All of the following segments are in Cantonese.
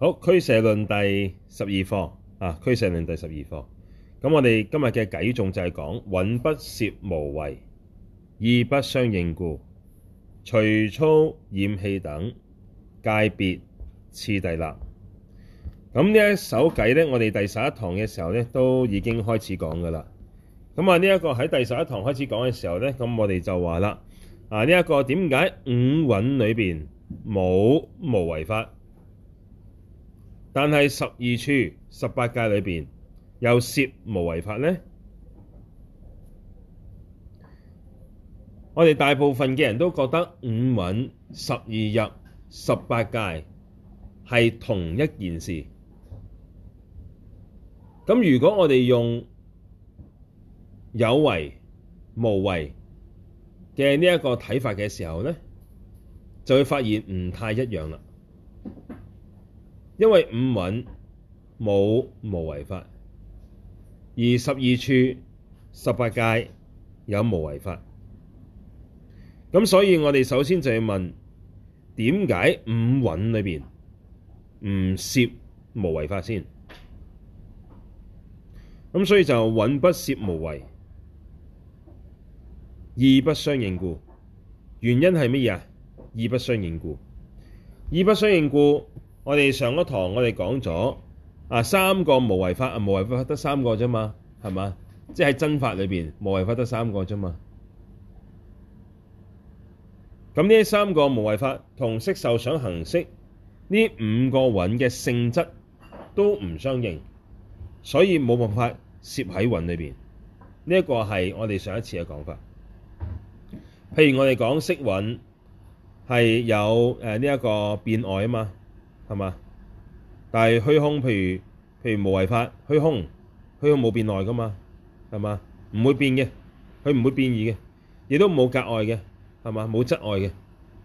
好，俱舍論第十二課啊，俱舍論第十二課。咁、啊、我哋今日嘅偈仲就係講，蘊不攝無為，義不相應故，隨麤染器等界別次第立。咁呢一首偈咧，我哋第十一堂嘅時候咧都已經開始講噶啦。咁啊，呢一個喺第十一堂開始講嘅時候咧，咁我哋就話啦，啊呢一、這個點解五蘊裏邊冇無為法？但係十二處、十八界裏邊又攝無為法呢？我哋大部分嘅人都覺得五蘊、十二入、十八界係同一件事。咁如果我哋用有為無為嘅呢一個睇法嘅時候呢，就會發現唔太一樣啦。因為五蘊冇無為法，而十二處、十八界有無為法。咁所以，我哋首先就要問，點解五蘊裏邊唔攝無為法先？咁所以就蘊不攝無為，義不相應故。原因係乜嘢啊？義不相應故。義不相應故。我哋上嗰堂我講，我哋講咗啊，三個無為法啊，無為法得三個啫嘛，係嘛？即係真法裏邊無為法得三個啫嘛。咁、嗯、呢三個無為法同色受想行識呢五個蘊嘅性質都唔相應，所以冇辦法攝喺蘊裏邊。呢、這、一個係我哋上一次嘅講法。譬如我哋講色蘊係有誒呢一個變礙啊嘛。係嘛？但係虛空，譬如譬如無為法，虛空，虛空冇變來噶嘛，係嘛？唔會變嘅，佢唔會變異嘅，亦都冇隔礙嘅，係嘛？冇質礙嘅，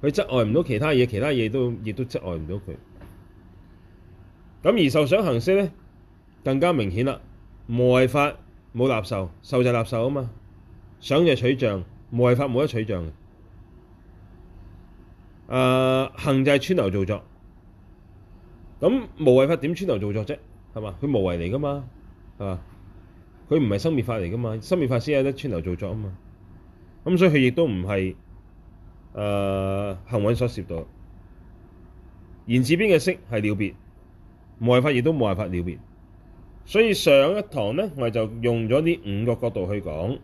佢質礙唔到其他嘢，其他嘢都亦都質礙唔到佢。咁而受想行識咧，更加明顯啦。無為法冇納受，受就係納受啊嘛，想就取像，無為法冇得取像嘅。誒、呃，行就係遷流造作。咁、嗯、無為法點遷流造作啫，係嘛？佢無為嚟噶嘛，係嘛？佢唔係生滅法嚟噶嘛，生滅法先有得遷流造作啊嘛。咁、嗯、所以佢亦都唔係誒行蘊所攝到。言字邊嘅識係了別，無為法亦都冇辦法了別。所以上一堂咧，我哋就用咗呢五個角度去講，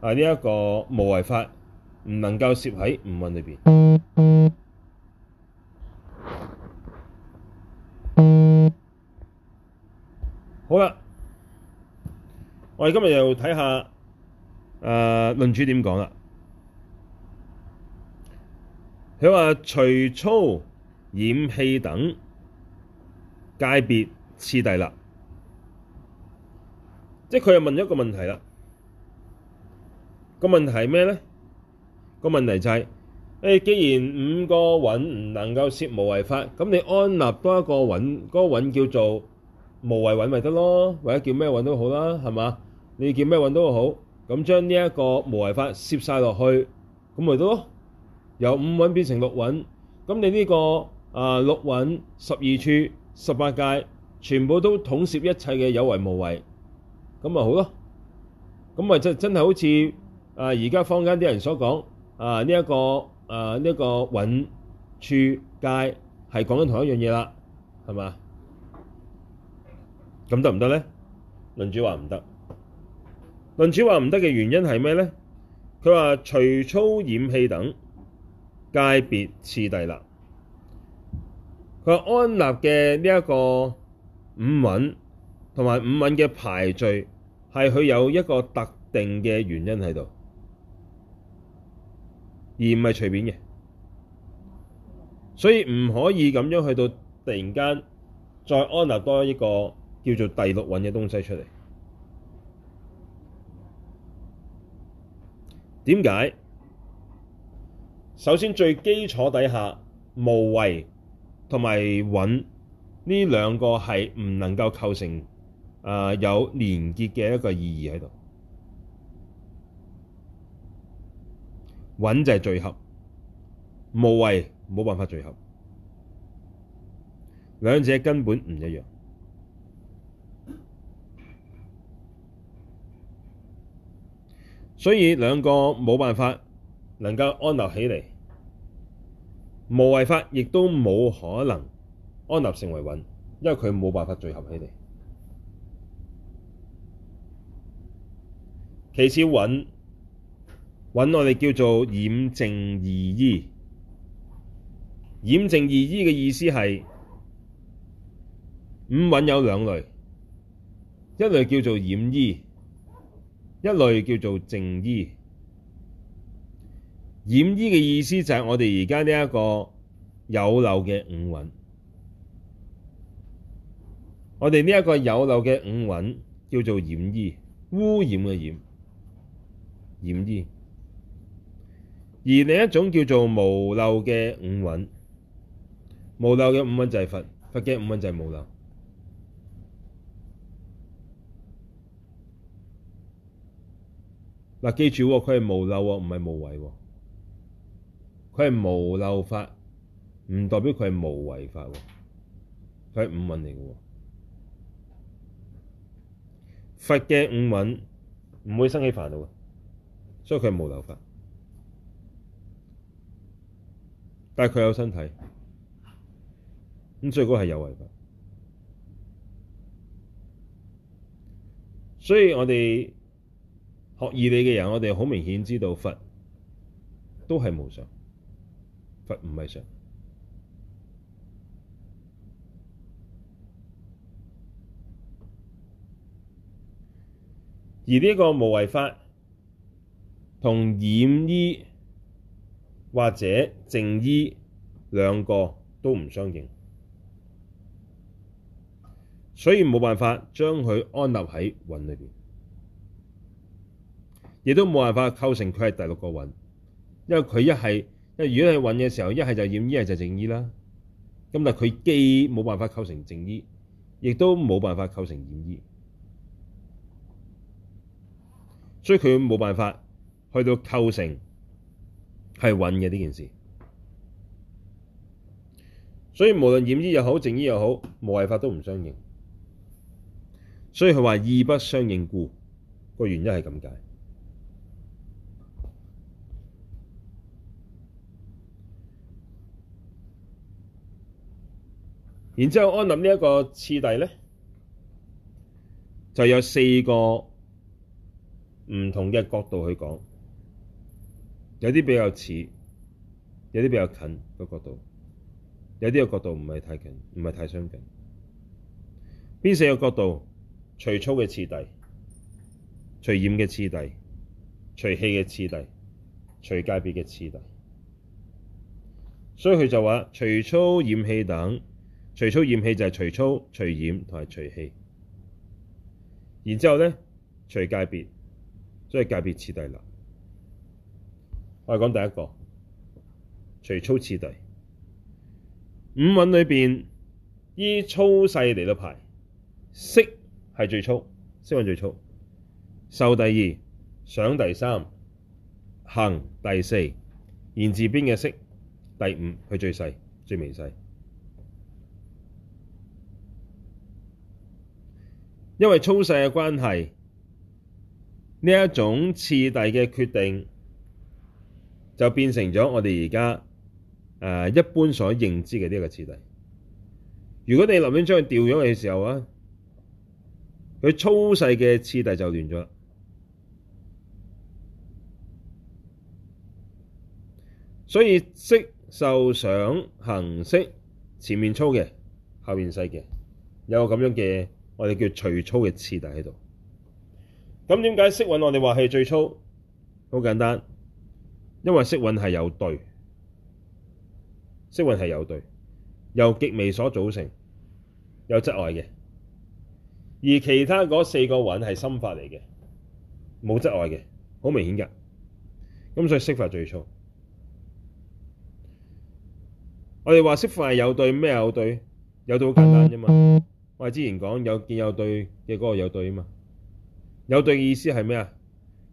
係呢一個無為法唔能夠攝喺五蘊裏邊。我哋今日又睇下誒論主點講啦。佢話隨粗染器等界別次第啦，即係佢又問咗一個問題啦。個問題係咩咧？個問題就係、是、既然五個蘊唔能夠攝無為法，咁你安立多一個蘊，嗰、那個蘊叫做無為蘊，咪得咯，或者叫咩蘊都好啦，係嘛？你叫咩蘊都好，咁將呢一個無為法攝晒落去，咁咪得咯。由五蘊變成六蘊，咁你呢、這個啊、呃、六蘊十二處十八界，全部都統攝一切嘅有為無為，咁咪好咯。咁咪真真係好似啊而家坊間啲人所講，啊呢一個啊呢一個蘊處界係講緊同一樣嘢啦，係嘛？咁得唔得咧？論主話唔得。論主話唔得嘅原因係咩咧？佢話隨粗染器等界別次第立。佢話安立嘅呢一個五蘊同埋五蘊嘅排序係佢有一個特定嘅原因喺度，而唔係隨便嘅。所以唔可以咁樣去到突然間再安立多一個叫做第六蘊嘅東西出嚟。點解？首先最基礎底下，無為同埋蘊呢兩個係唔能夠構成誒、呃、有連結嘅一個意義喺度。蘊就係聚合，無為冇辦法聚合，兩者根本唔一樣。所以兩個冇辦法能夠安立起嚟，無為法亦都冇可能安立成為蘊，因為佢冇辦法聚合起嚟。其次，蘊蘊我哋叫做染淨二依。染淨二依嘅意思係五蘊有兩類，一類叫做染依。一類叫做淨依，染依嘅意思就係我哋而家呢一個有漏嘅五蘊。我哋呢一個有漏嘅五蘊叫做染依，污染嘅染，染依。而另一種叫做無漏嘅五蘊，無漏嘅五蘊就係佛，佛嘅五蘊就係無漏。嗱，記住佢係無漏喎，唔係無為喎。佢係無漏法，唔代表佢係無為法。佢係五蘊嚟嘅喎，佛嘅五蘊唔會生起煩惱，所以佢係無漏法。但係佢有身體，咁所以嗰個係有為法。所以我哋。學義理嘅人，我哋好明顯知道佛都係無常，佛唔係常。而呢個無為法同染依或者淨依兩個都唔相應，所以冇辦法將佢安立喺蘊裏邊。亦都冇辦法構成佢係第六個蘊，因為佢一係，因為如果係蘊嘅時候，一係就染依，一係就淨依啦。咁但佢既冇辦法構成淨依，亦都冇辦法構成染依，所以佢冇辦法去到構成係蘊嘅呢件事。所以無論染依又好，淨依又好，無為法都唔相應。所以佢話義不相應，故個原因係咁解。然之後，安立呢一個次第呢，就有四個唔同嘅角度去講。有啲比較似，有啲比較近個角度，有啲個角度唔係太近，唔係太相近。邊四個角度？隨粗嘅次第、隨染嘅次第、隨器嘅次第、隨界別嘅次第。所以佢就話：隨粗、染器等。隨粗染器就係隨粗、隨染同埋隨器，然之後呢，隨界別，所以界別次第立。我係講第一個隨粗次第，五蘊裏邊依粗細嚟到排，色係最粗，色蘊最，最粗，受第二，想第三，行第四，言字邊嘅識第五，佢最細最微細。因為粗細嘅關係，呢一種次第嘅決定，就變成咗我哋而家誒一般所認知嘅呢一個次第。如果你臨面將佢調咗嘅時候啊，佢粗細嘅次第就亂咗。所以色受想行識，前面粗嘅，後面細嘅，有咁樣嘅。我哋叫隨粗嘅次第喺度。咁點解色蘊我哋話係最粗？好簡單，因為色蘊係有對，色蘊係有對，由極微所組成，有質礙嘅。而其他嗰四個蘊係心法嚟嘅，冇質礙嘅，好明顯噶。咁所以色法最粗。我哋話色法係有對，咩有對？有對好簡單啫嘛。我之前講有見有對嘅嗰個有對啊嘛，有對嘅意思係咩啊？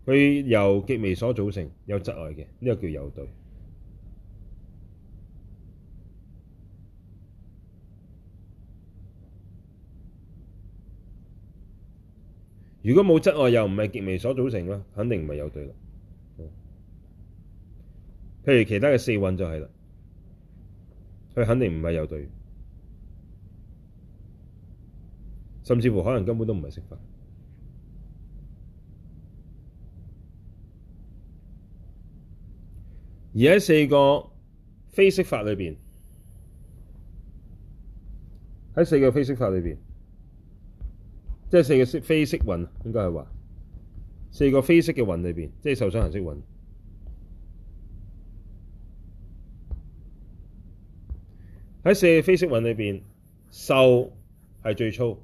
佢由極微所組成，有質礙嘅，呢、這個叫有對。如果冇質礙又唔係極微所組成嘅，肯定唔係有對啦、嗯。譬如其他嘅四蘊就係啦，佢肯定唔係有對。甚至乎可能根本都唔係色法，而喺四個非色法裏邊，喺四個非色法裏邊，即係四個色非色蘊應該係話四個非色嘅蘊裏邊，即係受想行識蘊喺四個非色蘊裏邊，受係最粗。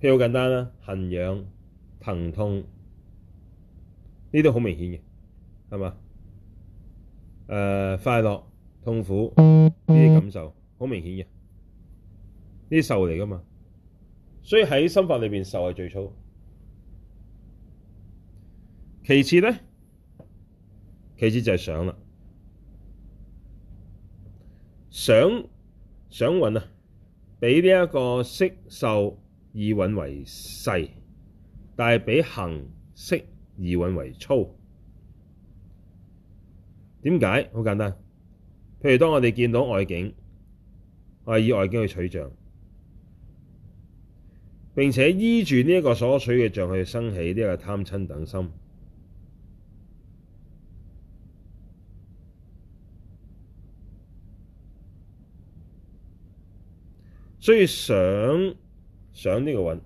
譬如好簡單啦，痕癢、疼痛，呢啲都好明顯嘅，係嘛？誒、呃，快樂、痛苦呢啲感受，好明顯嘅，呢啲受嚟噶嘛？所以喺心法裏邊，受係最粗，其次咧？其次就係想啦，想想運啊，畀呢一個識受。以蘊為細，但係比行識以蘊為粗。點解？好簡單。譬如當我哋見到外境，我以外境去取像，並且依住呢一個所取嘅像去生起呢個貪嗔等心，所以想。想呢個蘊，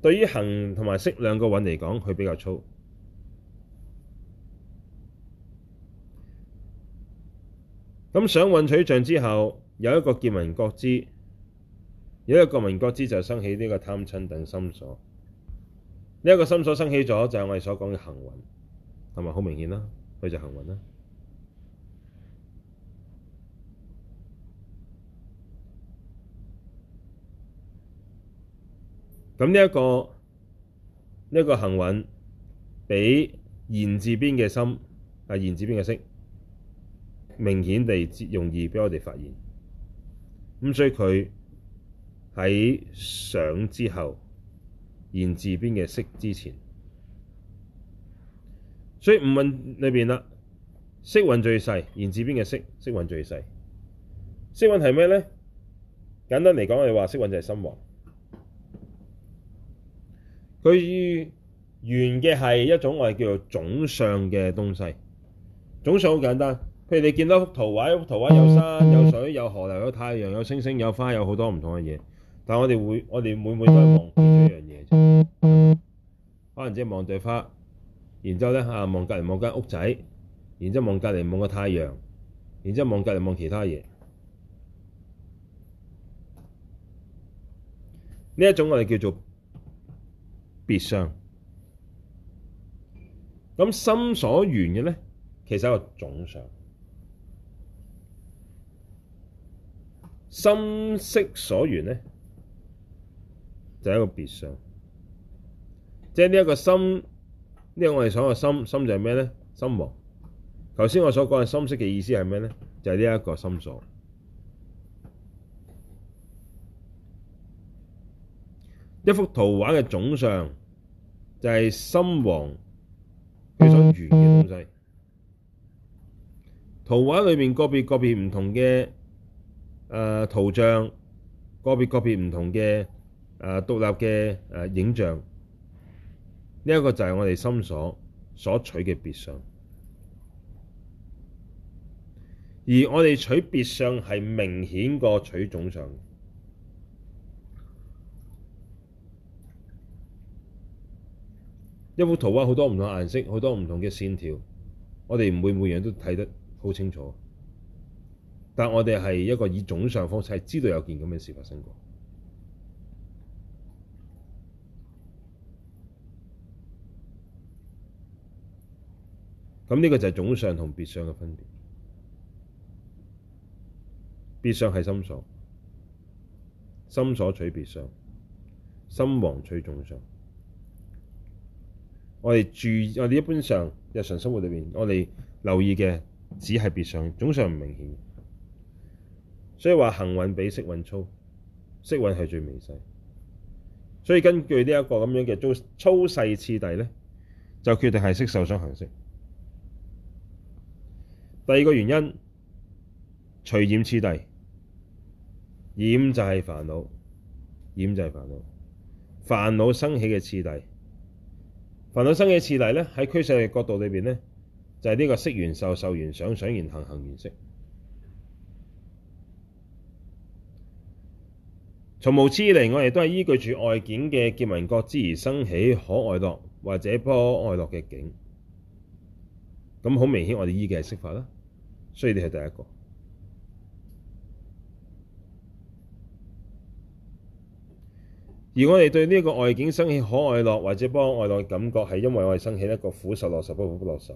對於行同埋識兩個蘊嚟講，佢比較粗。咁想蘊取像之後，有一個見聞覺知，有一個聞覺知就生起呢個貪嗔等心所。呢、這、一個心所生起咗，就係我哋所講嘅行蘊，係咪好明顯啦？佢就是、行蘊啦。咁呢一個呢一、這個行蘊，比言字邊嘅心啊，言字邊嘅識，明顯地容易俾我哋發現。咁所以佢喺想之後，言字邊嘅識之前，所以五蘊裏邊啦，識蘊最細，言字邊嘅識，識蘊最細。識蘊係咩咧？簡單嚟講，我哋話識蘊就係心王。佢緣嘅係一種我哋叫做總相嘅東西。總相好簡單，譬如你見到幅圖畫，幅圖畫有山、有水、有河流、有太陽、有星星、有花、有好多唔同嘅嘢。但係我哋會，我哋每每都係望住一樣嘢啫。可能只望對花，然之後咧啊，望隔籬望間屋仔，然之後望隔籬望個太陽，然之後望隔籬望其他嘢。呢一種我哋叫做別相，咁心所緣嘅咧，其實係一個總相；心識所緣咧，就是、一個別相。即係呢一個心，呢、這個我哋所講嘅心心就係咩咧？心王。頭先我所講嘅心識嘅意思係咩咧？就係呢一個心所。一幅圖畫嘅總相就係、是、心王，佢所緣嘅東西。圖畫裏面個別個別唔同嘅誒、呃、圖像，個別個別唔同嘅誒、呃、獨立嘅誒、呃、影像，呢、這、一個就係我哋心所所取嘅別相，而我哋取別相係明顯過取總相。一幅圖畫好多唔同顏色，好多唔同嘅線條，我哋唔會每樣都睇得好清楚，但我哋係一個以總相方式係知道有件咁嘅事發生過。咁呢個就係總相同別相嘅分別。別相係心所，心所取別相，心王取總相。我哋住，我哋一般上日常生活裏邊，我哋留意嘅只係別相，總相唔明顯。所以話行蘊比識蘊粗，識蘊係最微細。所以根據呢一個咁樣嘅粗細次第咧，就決定係色受想行識。第二個原因，隨染次第，染就係煩惱，染就係煩惱，煩惱生起嘅次第。凡惱生嘅次第咧，喺俱舍嘅角度裏邊咧，就係、是、呢個色緣受，受緣想，想緣行，行緣識。從無始以來，我哋都係依據住外境嘅見聞覺知而生起可愛樂或者不可愛樂嘅境。咁好明顯，我哋依嘅係色法啦，所以呢係第一個。而我哋對呢一個外境生起可愛樂，或者不可愛樂嘅感覺，係因為我哋生起一個苦受、樂受，不苦不樂受。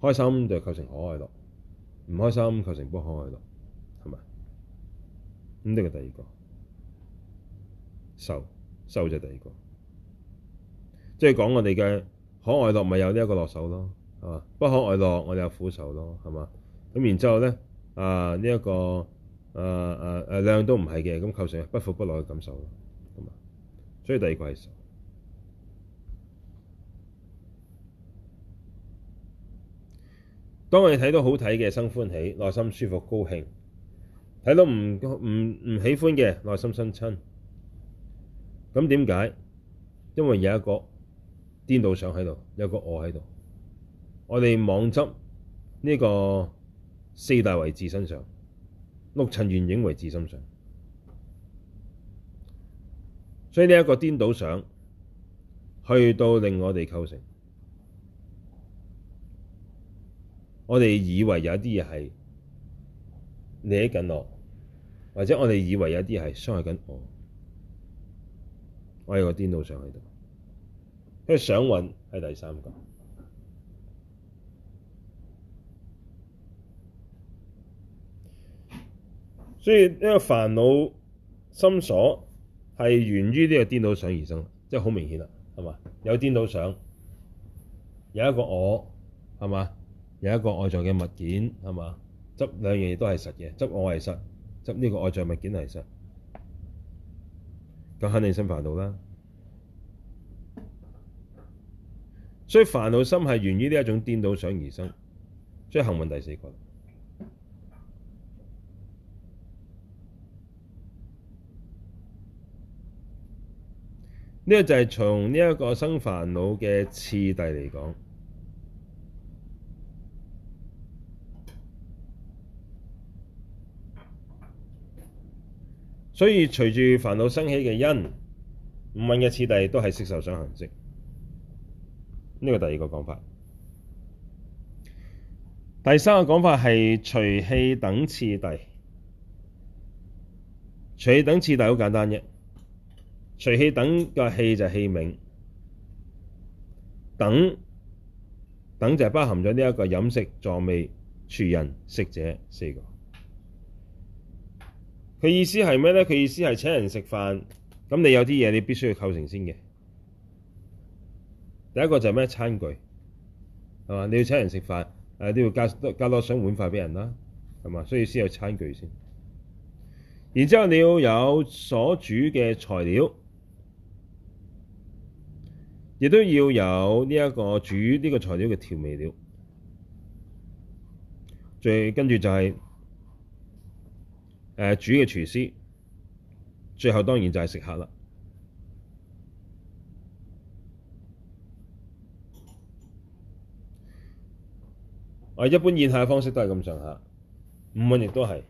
開心就構成可愛樂，唔開心構成不可愛樂，係咪？咁呢個第二個受受就第二個，即係講我哋嘅可愛樂咪有呢一個樂受咯，係嘛？不可愛樂我哋有苦受咯，係嘛？咁然之後咧，啊呢一個。誒誒誒，兩、呃呃、樣都唔係嘅，咁構成不苦不樂嘅感受咯。咁、嗯、啊，所以第二個係，當我哋睇到好睇嘅生歡喜，內心舒服高興；睇到唔唔唔喜歡嘅，內心生嗔。咁點解？因為有一個顛倒想喺度，有一個我喺度。我哋妄執呢個四大為自身上，六塵緣影為自心相，所以呢一個顛倒想，去到令我哋構成，我哋以為有啲嘢係惹緊我，或者我哋以為有啲嘢係傷害緊我，我有個顛倒想喺度，所以想蘊係第三個。所以呢、這個煩惱心所係源於呢個顛倒想而生，即係好明顯啦，係嘛？有顛倒想，有一個我，係嘛？有一個外在嘅物件，係嘛？執兩樣嘢都係實嘅，執我係實，執呢個外在物件係實，咁肯定生煩惱啦。所以煩惱心係源於呢一種顛倒想而生，所以行蘊第四個。呢個就係從呢一個生煩惱嘅次第嚟講，所以隨住煩惱生起嘅因，五蘊嘅次第都係色、受、想、行、識。呢個第二個講法，第三個講法係隨器等次第，隨器等次第好簡單啫。隨器等個器就係器皿，等等就包含咗呢一個飲食、助味、廚人、食者四個。佢意思係咩咧？佢意思係請人食飯，咁你有啲嘢你必須要構成先嘅。第一個就係咩？餐具係嘛？你要請人食飯，誒、啊、你要加多加多雙碗筷畀人啦，係嘛？所以先有餐具先。然之後你要有所煮嘅材料。亦都要有呢一個煮呢個材料嘅調味料，最跟住就係、是、誒、呃、煮嘅廚師，最後當然就係食客啦。我、嗯、一般宴客嘅方式都係咁上下，五蘊亦都係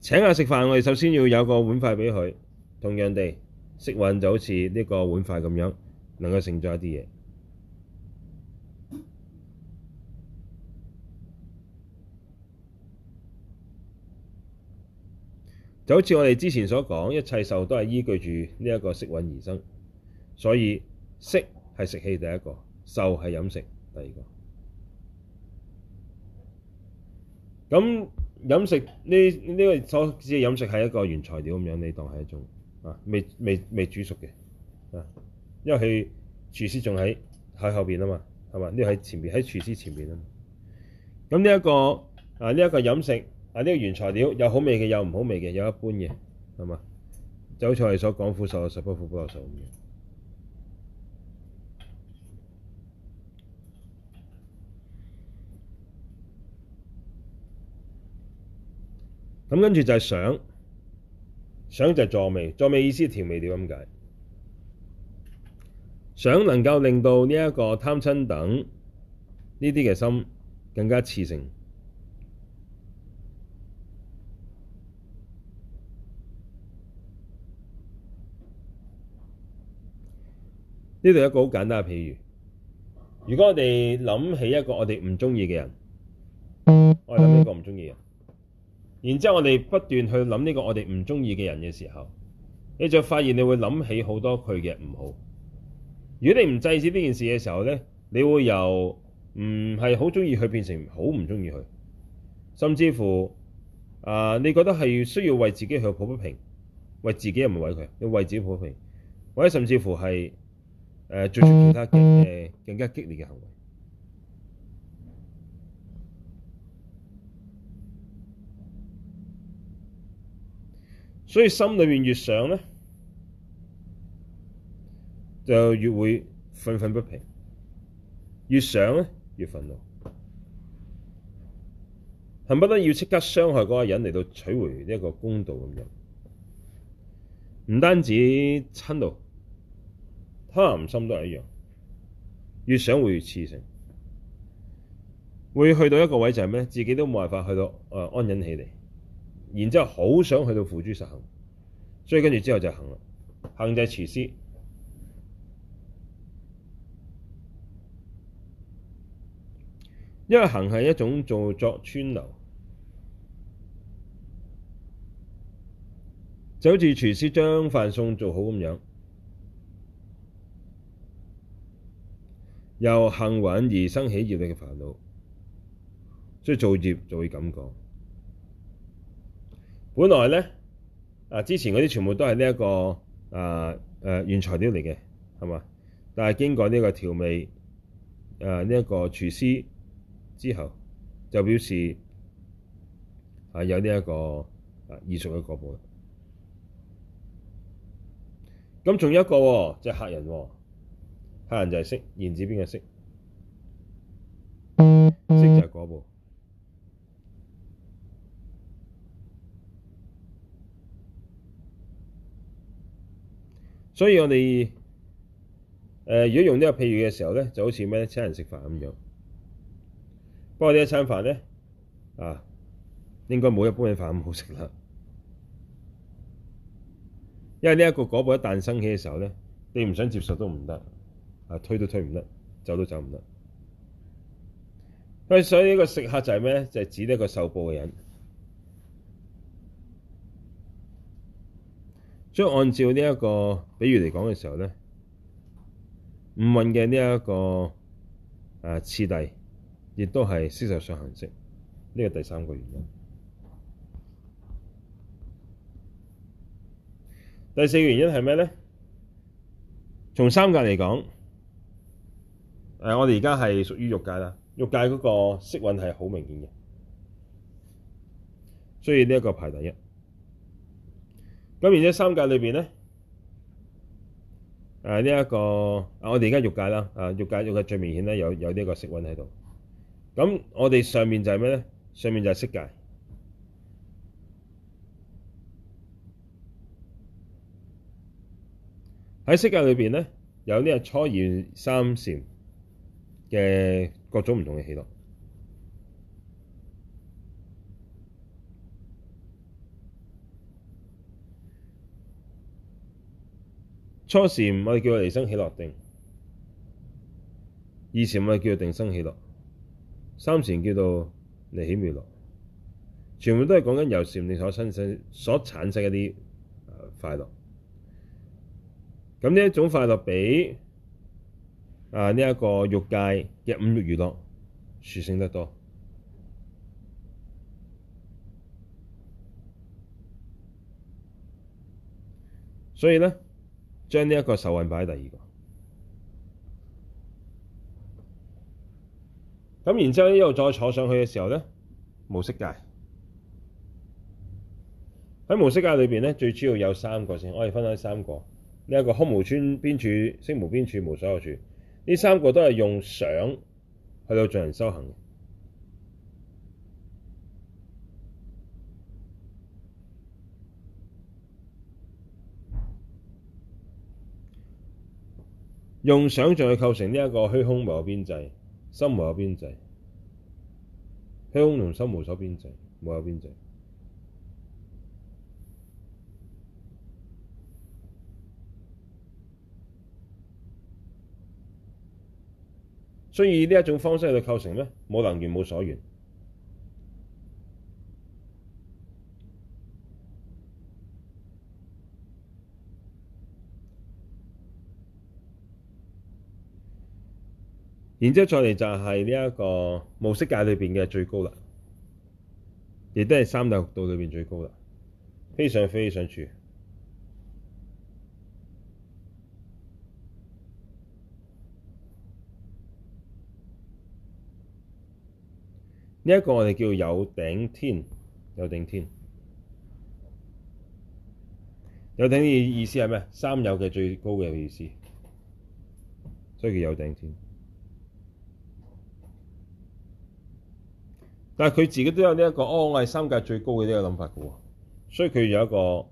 請客食飯，我哋首先要有個碗筷俾佢，同樣地，色蘊就好似呢個碗筷咁樣。能夠成就一啲嘢，就好似我哋之前所講，一切受都係依據住呢一個色蘊而生，所以色係食器第一個，受係飲食第二個。咁飲食呢？呢個所指嘅飲食係一個原材料咁樣，你當係一種啊未未未煮熟嘅啊。因為佢廚師仲喺喺後邊啊嘛，係嘛？呢個喺前邊，喺廚師前邊啊嘛。咁呢一個啊，呢一個飲食啊，呢個原材料有好味嘅，有唔好味嘅，有一般嘅，係嘛？就好似我哋所講苦受、樂受、不苦不樂受咁樣。咁跟住就係想，想就係助味，助味意思係調味料咁解。想能夠令到呢一個貪嗔等呢啲嘅心更加熾盛。呢度有一個好簡單嘅譬喻。如果我哋諗起一個我哋唔中意嘅人，我係諗呢個唔中意嘅人，然之後我哋不斷去諗呢個我哋唔中意嘅人嘅時候，你就發現你會諗起好多佢嘅唔好。如果你唔制止呢件事嘅時候咧，你會由唔係好中意佢變成好唔中意佢，甚至乎啊、呃、你覺得係需要為自己去抱不平，為自己又唔係為佢，你為自己抱不平，或者甚至乎係誒做出其他嘅、呃、更加激烈嘅行為，所以心裏面越想咧。就越會憤憤不平，越想咧越憤怒，恨不得要即刻傷害嗰個人嚟到取回一個公道咁樣。唔單止親道，貪心都係一樣。越想會越熾盛，會去到一個位就係咩？自己都冇辦法去到誒、呃、安忍起嚟，然之後好想去到付諸實行，所以跟住之後就行啦。行就廚師。因為行係一種造作遷流，就好似廚師將飯餸做好咁樣，由行蘊而生起業力嘅煩惱，所以做業就會咁講。本來咧啊，之前嗰啲全部都係呢一個啊誒、呃呃、原材料嚟嘅，係嘛？但係經過呢個調味誒呢一個廚師。之後就表示啊有呢、這個啊、一個啊異熟嘅果報啦。咁仲有一個即、哦、係、就是、客人、哦，客人就係識，言字邊嘅識， 識就係果報。所以我哋誒、呃、如果用呢個譬喻嘅時候咧，就好似咩咧請人食飯咁樣。不過呢一餐飯呢，啊，應該冇一般嘅飯咁好食啦，因為呢一個果報一旦生起嘅時候呢，你唔想接受都唔得，啊，推都推唔得，走都走唔得。所以呢個食客就係咩咧？就係、是、指呢一個受報嘅人。所以按照呢一個比喻嚟講嘅時候呢，五蘊嘅呢一個誒、啊、次第。亦都係色受想行識，呢個第三個原因。第四個原因係咩咧？從三界嚟講，誒，我哋而家係屬於欲界啦。欲界嗰個色蘊係好明顯嘅，所以呢一個排第一。咁而且三界裏邊咧，誒呢一個啊，我哋而家欲界啦，誒欲界欲界，最明顯咧，有有呢個色蘊喺度。咁我哋上面就係咩咧？上面就係色界。喺色界裏邊咧，有呢個初二三禪嘅各種唔同嘅喜樂。初禪我哋叫佢離生喜樂定，二禪我哋叫佢定生喜樂。三禪叫做離喜妙樂，全部都係講緊由禪你所生、生所產生一啲快樂。咁呢一種快樂比啊呢一、呢個欲界嘅五欲娛樂殊勝得多。所以咧，將呢一個受蘊擺喺第二個。咁然之後，呢度再坐上去嘅時候咧，模式界喺模式界裏邊咧，最主要有三個先，我哋分開三個。呢、這、一個空無邊處、識無邊處、無所有處，呢三個都係用相去到進行修行，用想像去構成呢一個虛空無邊際。心無有邊際，虛空同心無所邊際，無有邊際。所以呢一種方式去構成呢，無能緣，無所緣。然之後再嚟就係呢一個模式界裏邊嘅最高啦，亦都係三大六道裏邊最高啦，非常非常處。呢、這、一個我哋叫有頂天，有頂天，有頂天意思係咩？三有嘅最高嘅意思，所以叫有頂天。但係佢自己都有呢一個，哦，我係三界最高嘅呢個諗法嘅喎，所以佢有一個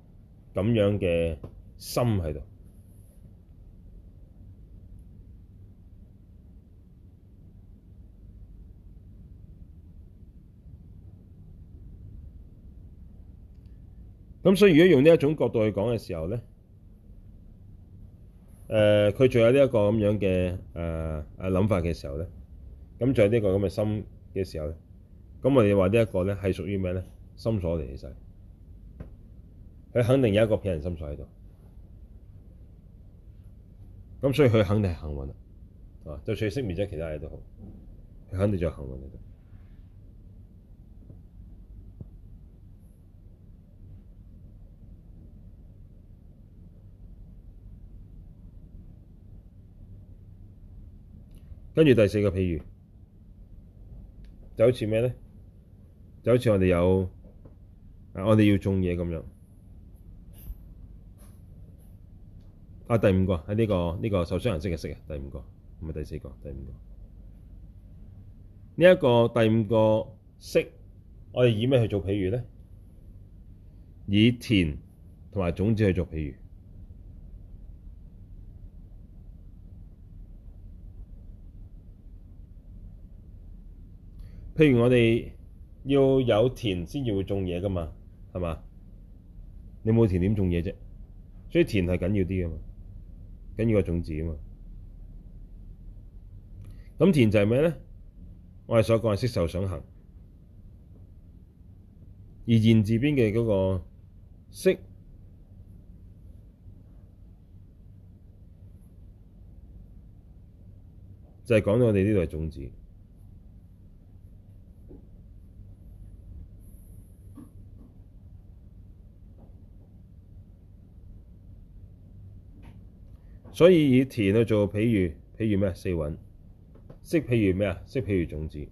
咁樣嘅心喺度。咁所以如果用呢一種角度去講嘅時候咧，誒，佢仲有呢一個咁樣嘅誒誒諗法嘅時候咧，咁仲有呢個咁嘅心嘅時候咧。咁我哋話呢一個咧係屬於咩咧？心所嚟嘅，其實佢肯定有一個遍行心所喺度。咁所以佢肯定係行蘊啦，啊，就算熄滅咗其他嘢都好，佢肯定仲就行蘊嚟嘅。跟住第四個譬如就好似咩咧？就好似我哋有，我哋要種嘢咁樣。啊，第五個喺呢、這個呢、這個受想行識嘅識嘅第五個，唔係第四個，第五個。呢、這、一個第五個識，我哋以咩去做譬如咧？以田同埋種子去做譬如，譬如我哋。要有田先至會種嘢噶嘛，係嘛？你冇田點種嘢啫，所以田係緊要啲噶嘛，緊要個種子啊嘛。咁田就係咩咧？我哋所講嘅色受想行，而言字邊嘅嗰個識就係、是、講到我哋呢度嘅種子。所以以田去做比喻，比喻咩？四蘊，識譬喻咩啊？識譬喻種子。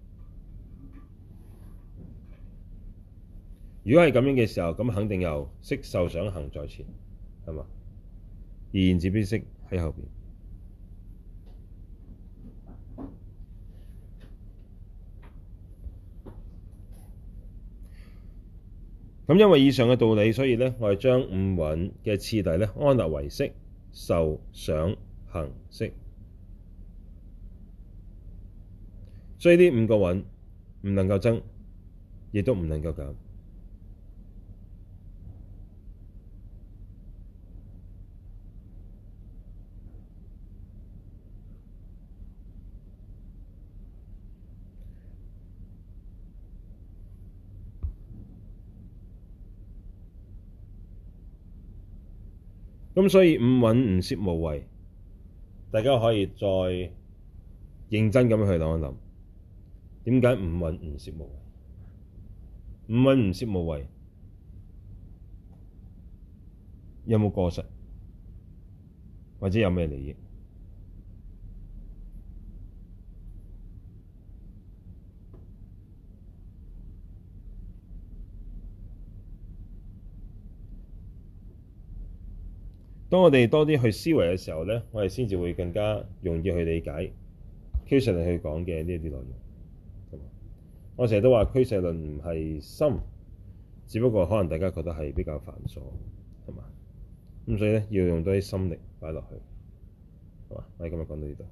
如果係咁樣嘅時候，咁肯定有「色受想行在前，係嘛？而識必須喺後邊。咁因為以上嘅道理，所以咧，我係將五蘊嘅次第咧安立為識受想行識，所以呢五個蘊唔能夠增，亦都唔能夠減。咁所以蘊不攝無為，大家可以再認真咁去諗一諗，點解蘊不攝無為？蘊不攝無為，有冇過失，或者有咩利益？當我哋多啲去思維嘅時候咧，我哋先至會更加容易去理解俱舍論去講嘅呢一啲內容。我成日都話俱舍論唔係深，只不過可能大家覺得係比較繁瑣，係嘛？咁所以咧，要用多啲心力擺落去，係嘛？我哋今日講到呢度。